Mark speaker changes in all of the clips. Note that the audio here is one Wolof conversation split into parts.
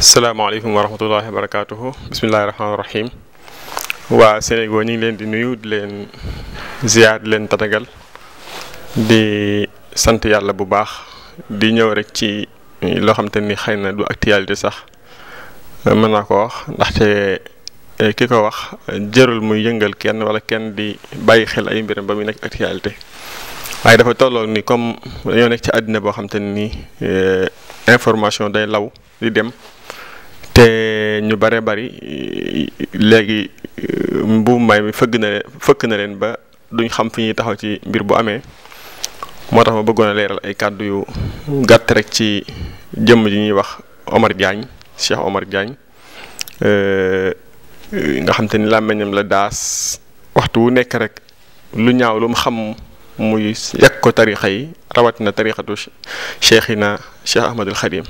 Speaker 1: salaamaaleykum wa rahmatullahi wa barakaatuhu bismillahi rahmaani rahim waa Sénégal ñu ngi leen di nuyu leen ziar leen tatagal di sant yàlla bu baax di ñëw rek ci loo xam te ni xëy na du actualité sax mën naa ko wax ndaxte eh, ki ko wax jërul muy yëngal kenn wala kenn di bàyyi xel ay mbiram ba muy nekk actualité waaye dafa tolloog ni comme dañoo nekk ci àddina boo xam te ni eh, information day law di dem. te ñu bare bari léegi mbuum may mi fëgg na fëkk na leen ba duñ xam fi ñuy taxaw ci mbir bu amee moo tax ma bëggoon a leeral ay kàddu yu gàtt rek ci jëmm ji ñuy wax Omar Diagne Cheikh Omar Diagne nga xam te ni làmmiñam la daas waxtu wu nekk rek lu ñaaw lu mu xam muy yàq ko tarixa yi rawatina tarixatu Cheikhina Cheikh Ahmadul Xadim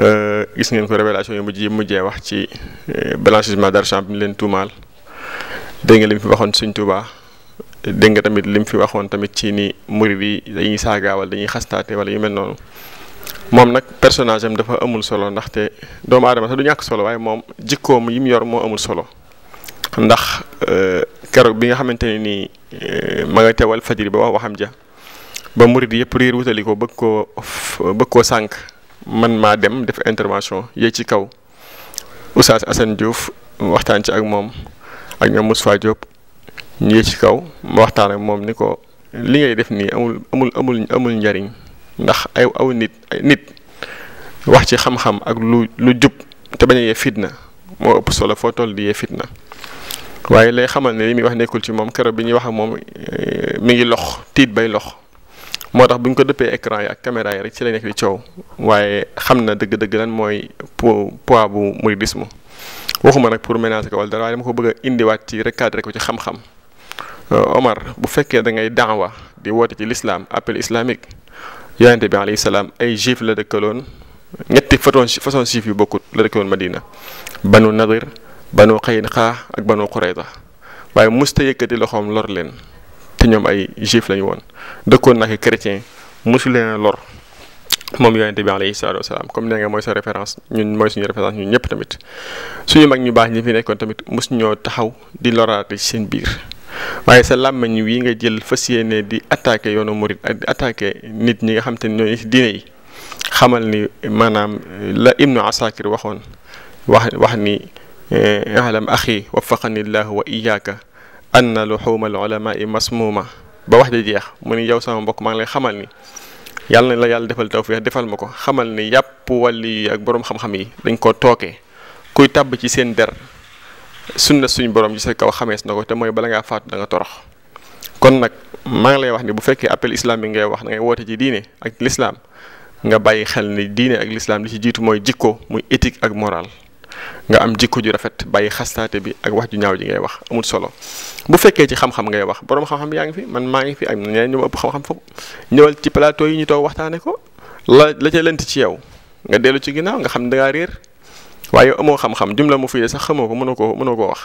Speaker 1: Euh, gis ngeen ko révélation yu mujj yi mujjee wax ci euh, blanchiment d'argent bi mu leen tuumaal dégg nga li fi waxoon Sëñ Tuubaa dégg nga tamit li mu fi waxoon tamit ci ni murid yi dañuy saagaawal dañuy xastaate wala yu mel noonu moom nag personnage am dafa amul solo ndaxte doomu aadama sax du ñàkk solo waaye moom jikkoom yi mu yor moo amul solo ndax euh, keroog bi nga xamante ne nii ma nga teewal fajiri ba wax waxam ja ba murid yëpp riir wutali ko bëgg koo bëgg koo sànq man maa dem def intervention yéeg ci kaw Oustaz Assane Diouf waxtaan ci ak moom ak ñoom Moustapha Diop ñu yéeg ci kaw ma waxtaan ak moom ni ko li ngay def nii amul amul amul amul njariñ ndax ay aw nit nit wax ci xam-xam ak lu lu jub te bañ yee fitna moo ëpp solo foo toll di yee fitna waaye lay xamal ne li muy wax nekkul ci moom keroog bi ñuy wax ak moom eh, mi ngi lox tiit bay lox. moo tax bu ñu ko dëppee écran yi ak caméra yi rek ci la nekk di coow waaye xam na dëgg-dëgg lan mooy po poids bu mouridisme waxuma nag pour ménager ko wala dara waaye dama ko bëgg a indiwaat ci recadré ko ci xam-xam euh, Omar bu fekkee da ngay daawa di woote ci l'islam appel islamique yonente bi alayhi salaam ay juif la dëkkaloon ñetti façon façon juif yu bokkut la dëkkaloon Madina banu nadir banu xayin xaa ak banu xurayda waaye musta yëkkati loxoom lor leen te ñoom ay juif lañu woon dëkkoon nag chrétien mosu leen a lor moom yonente bi alayhi salaatu wasalaam comme nee nga mooy sa référence ñun mooy suñu référence ñun ñëpp tamit suñu mag ñu baax ñi fi nekkoon tamit mosu ñoo taxaw di loraate ci seen biir waaye sa làmmañ wi nga jël fas yéene di attaqué yoonu murit ak di attaqué nit ñi nga xam te ne ñooñu ci diine yi xamal ni maanaam la ibnu asakir waxoon wax wax ni eh, alam axi wafaqani wa iyaka anna luxuuma al ulamai masmuuma ba wax ji jeex mu ni yow sama mbokk maa ngi lay xamal ni yàlla na la yàlla defal tawfiix defal ma ko xamal ni yàpp wàlli ak boroom xam-xam yi dañ ko tookee kuy tàbb ci seen der sunna suñ borom ci sa kaw xamees na ko te mooy bala ngaa faatu da nga torox kon nag maa ngi lay wax ni bu fekkee appel islam bi ngay wax na ngay woote ci diine ak lislaam nga bàyyi xel ni diine ak lislaam li ci jiitu mooy jikko muy éthique ak moral nga am jikko ju rafet bàyyi xastaate bi ak wax ju ñaaw ji ngay wax amul solo bu fekkee ci xam-xam ngay wax boroom xam-xam yaa ngi fi man maa ngi fi ak ñeneen ñu ëpp xam-xam foofu ñëwal ci palaato yi ñu toog waxtaane ko la la lent ci yow nga dellu ci ginnaaw nga xam ne dangaa réer waaye amoo xam-xam jumla mu fii de xamoo ko mënoo ko mënoo koo wax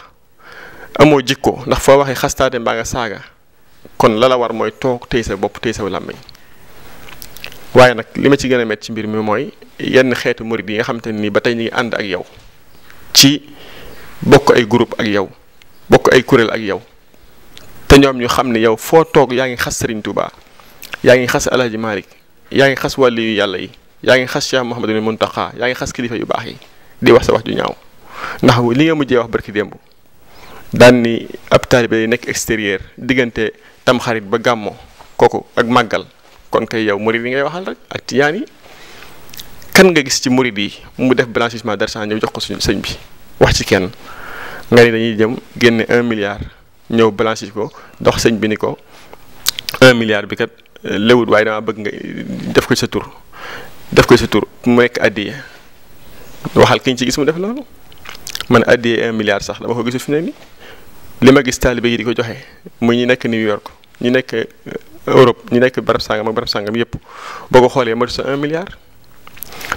Speaker 1: amoo jikko ndax foo waxee xastaate mbaa saaga kon la la war mooy toog tey sa bopp tey sa làmmiñ waaye nag li ma ci gën a métti ci mbir mi mooy yenn xeetu murid yi nga xam te ni ba tey ñu ngi ànd ak yow ci bokk ay groupe ak yow bokk ay kuréel ak yow te ñoom ñu xam ne yow foo toog yaa ngi xas sariñ Touba yaa ngi xas Alhaji Malick yaa ngi xas wàlli yu yàlla yi yaa ngi xas Cheikh Mouhamadou Mountakha yaa ngi xas kilifa yu baax yi di wax sa wax ju ñaaw ndax li nga mujjee wax barki démb daan ni ab taalibe yi nekk extérieur diggante tamxarit ba gàmmo kooku ak màggal kon kay yow murid yi ngay waxal rek ak tijaan yi kan nga gis ci murid yi mu def blanchissement d'argent ñëw jox ko suñu sëñ bi wax ci kenn nga ni dañuy jëm génne un milliard ñëw blanchir ko dox sëñ bi ni ko un milliard bi kat euh, léwut dama bëgg nga def ko sa tour def ko sa tour mu nekk addiye waxal ki ñu ci gis mu def loolu man addiye un milliard sax dama ko gisu fi ne li ma gis taalibe yi di ko joxe mu ñu nekk New York ñu nekk euh, Europe ñu nekk barab sàngam ak barab sàngam yëpp boo ko xoolee matu sa un milliard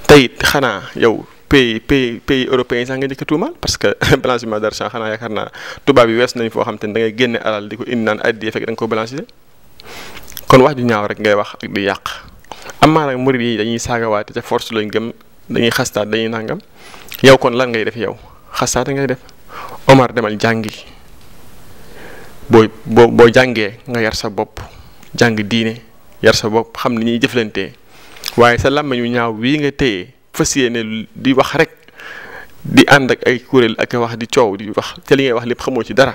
Speaker 1: tey xanaa yow pays pays pays européens yi sax nga njëkk tuumaal parce que blanchiment d'argent xanaa yaakaar naa tubaab yi wees nañ foo xam te ne da ngay génne alal di ko indi naan addiya fekk da ko blanchir kon wax ju ñaaw rek ngay wax ak di yàq amaa nag murid yi dañuy saagawaate ca force lañ gëm dañuy xastaat dañuy nangam yow kon lan ngay def yow xastaate ngay def Omar demal jàngi boo boo boo jàngee nga yar sa bopp jàng diine yar sa bopp xam ni ñuy jëflantee waaye sa làmmiñ wu ñaaw wii nga téye. fas yéene di wax rek di ànd ak ay kuréel ak wax di coow di wax te li ngay wax lépp xamoo ci dara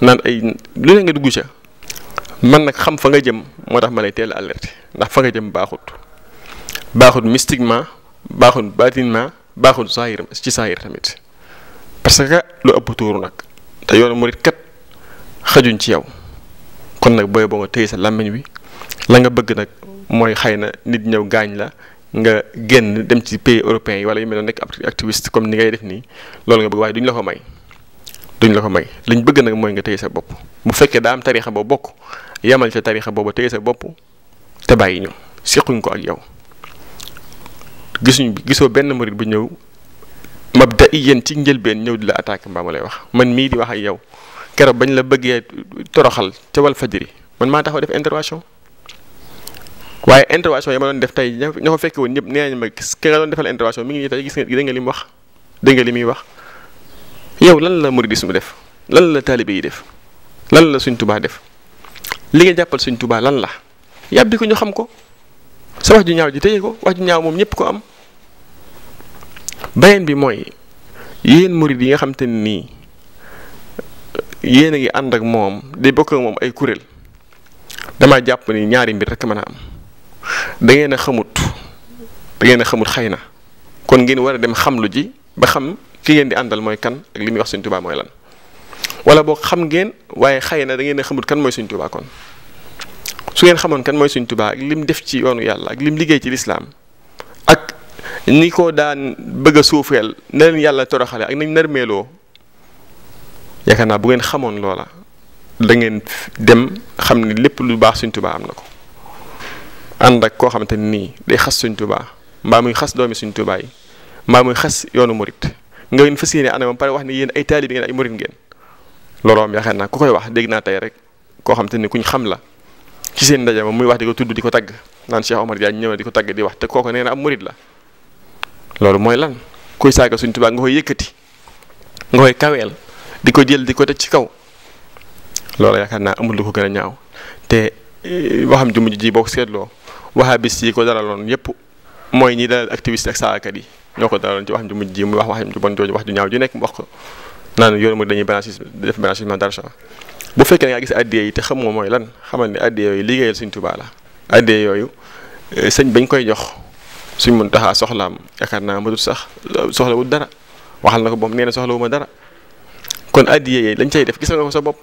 Speaker 1: naan ay lu ne nga dugg ca man nag xam fa nga jëm moo tax ma lay teel alerte ndax fa nga jëm baaxut baaxut mystiquement baaxut batinement baaxut saayir ci saayir tamit parce que lu ëpp tuuru nag te yoonu murit kat xajuñ ci yow kon nag booy boo nga téye sa làmmiñ wi la nga bëgg nag mooy xëy na nit ñëw gaañ la nga génn dem ci pays européens yi wala yu mel noonu nekk activiste comme ni ngay def nii loolu nga bëgg waaye duñ la ko may duñ la ko may liñ bëgg nag mooy nga téye sa bopp bu fekkee daa am tarixa boo bokk yamal sa tarixa boobu téye sa bopp te bàyyi ñu sequñ ko ak yow gisuñ gisoo benn murid bu ñëw ma mabda yéen ci njëlbeen ñëw di la attaque mbaa ma lay wax man mii di wax ak yow keroog bañ la bëggee toroxal ca Walfadjri man maa taxaw def intervention waaye intervention yi ma doon def tey ña ko fekke woon ñëpp nee nañ ma gis ki nga doon defal intervention mi ngi nii tey gis nga dégg nga li mu wax dégg nga li muy wax yow lan la muridisme def lan la taalibe yi def lan la Sëñ Tuubaa def li nga jàppal Sëñ Tuubaa lan la yàbbi ko ñu xam ko sa wax ju ñaaw ji téye ko wax ju ñaaw moom ñëpp ko am beneen bi mooy yéen murid yi nga xam te nii yéen a ngi ànd ak moom di bokk ak moom ay kuréel dama jàpp ni ñaari mbir rekk mën a am da ngeen a xamut da ngeen a xamut xëy na kon ngeen war a dem xamlu ji ba xam ki ngeen di àndal mooy kan ak li muy wax Sëñ Tuubaa mooy lan wala boo xam ngeen waaye xëy na dangeen xamut kan mooy Sëñ Tuubaa kon su ngeen xamoon kan mooy suñ tubaa ak lim def ci yoonu yàlla ak lim liggéey ci lislaam ak ni ko daan bëgg a suufeel na leen yàlla toroxale ak nañ narmeeloo yaakaar naa bu ngeen xamoon loola dangeen dem xam ne lépp lu baax Sëñ Tuubaa am na ko ànd ak koo xamante ne nii day xas suñ tubaa mbaa muy xas doomi suñ tubaa yi mbaa muy xas yoonu murit nga leen fas yéene ànd ba pare wax ne yéen ay taalibe ngeen ay murit ngeen loolu am yaakaar naa ku koy wax dégg naa tey rek koo xamante ni kuñ xam la ci seen ndaje moom muy wax di ko tudd di ko tagg naan Cheikh Omar Diagne ñëw na di ko tagg di wax te kooko nee na am murit la loolu mooy lan kuy saaka suñ tubaa nga koy yëkkati nga koy kaweel di ko jël di ko teg ci kaw loolu yaakaar naa amul lu ko gën a ñaaw te eh, waxam ju mujj ji boo ko seetloo bis yi ko daraloon yépp mooy ñi dalal activiste ak saakat yi ñoo ko daraloon ci wax mu mujj ji mu wax wax ju bon jooju wax ju ñaaw ju nekk mu wax ko naan yoonu mu dañuy blanchissement ma blanchissement d'argent bu fekkee da ngaa gis addiya yi te xamoo mooy lan xamal ne addiya yooyu liggéeyal Sëñ Tuubaa la yooyu eh, sëñ bañ koy jox suñ mun taxaa soxlaam yaakaar naa ma sax soxla soxlawul dara waxal na ko boom nee na soxlawu dara kon addiya yi lañ cay def gisa nga ko sa bopp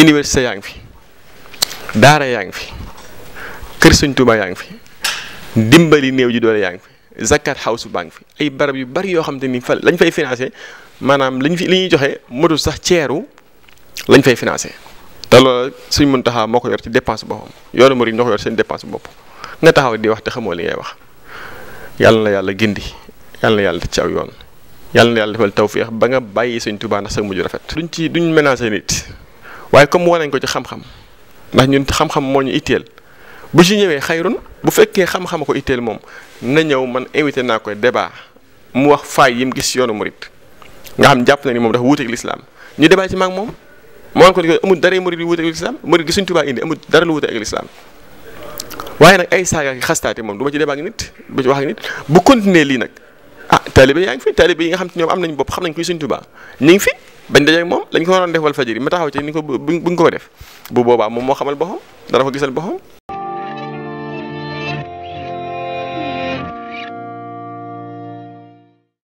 Speaker 1: université yaa ngi fi daara yaa ngi fi kër sëñ Tuubaa yaa ngi fi ndimbali néew ji doole yaa ngi fi zakat house baa fi ay barab yu bari yoo xam te ni fa lañ fay financé maanaam ñu fi li ñuy joxe motul sax ceeru lañ fay financé te loolu suñ mën taxaa moo ko yor ci dépense boppam yoonu murid ñoo ko yor seen dépense bopp nga taxaw di wax te xamoo li ngay wax yàlla na yàlla gindi yàlla na yàlla ci yoon yàlla na yàlla defal tawféex ba nga bàyyi sëñ Tuubaa ndax sa mujj rafet duñ ci duñ ménagé nit waaye comme wane nañ ko ci xam ndax ñun xam-xam moo bu ci ñëwee xayrun bu fekkee xam-xam ko itteel moom na ñëw man invité naa koy débat mu wax faay yi mu gis yoonu murit nga xam jàpp na ni moom dafa wuuteeg lislaam ñu débat ci moom moo wan ko ni amul dara murit yu wuuteeg lislaam murit gi suñ tubaa indi dara lu wuuteeg waaye nag ay saaga ak xastaate moom du ma ci débat ak nit wax bu continuer lii nag ah taalibe yaa ngi fi taalibe yi nga xam te ñoom am nañ bopp xam nañ koy suñ tubaa ñu ngi fi bañ dajeeg moom lañ ko waroon defal wal fajiri ma taxaw ci ni ko buñ ko ko def bu boobaa moom moo xamal boppam dara ko gisal boppam